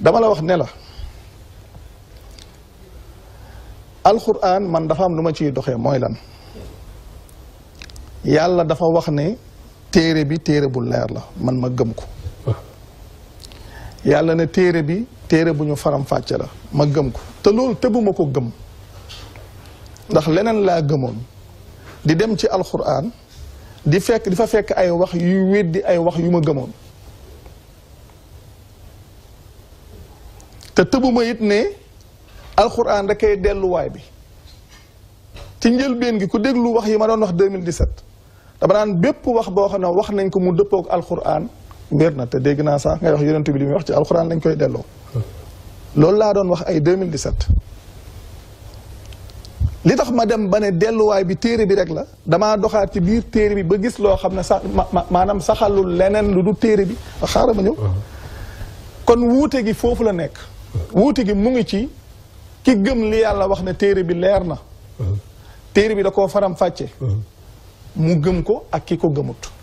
dama la wax ne la alxuraan man dafa am lu ci doxé moy lan yàlla dafa wax ne téré bi téré bu leer la man ma gëm ko yàlla ne téré bi téré buñu faram faram-fàcce la ma gëm ko te loolu tëbuma ko gëm ndax lenen la gëmoon di dem ci alxuraan di fekk di fa fekk ay wax yu weddi ay wax yu ma gëmoon te tëbuma it ne alxuraan rekk ay delluwaay bi ci njëlbeen gi ku déglu wax yi ma doon wax 2017 dama naan bépp wax boo xam ne wax nañ ko mu dëppook alxuraan wér na te dégg naa sax ngay wax yonent bi li muy wax ci alxuraan lañ koy delloo loolu laa doon wax ay 2017 li tax ma dem ba ne delluwaay bi téere bi rek la damaa doxaat ci biir téere bi ba gis loo xam ne sax maanaam saxalul leneen lu du téere bi xaaral ma ñëw kon wuute gi foofu la nekk wuute gi mu ngi ci ki gëm li yàlla wax ne téere bi leer na téere bi da ko faram fàcce mu gëm ko ak ki ko gëmut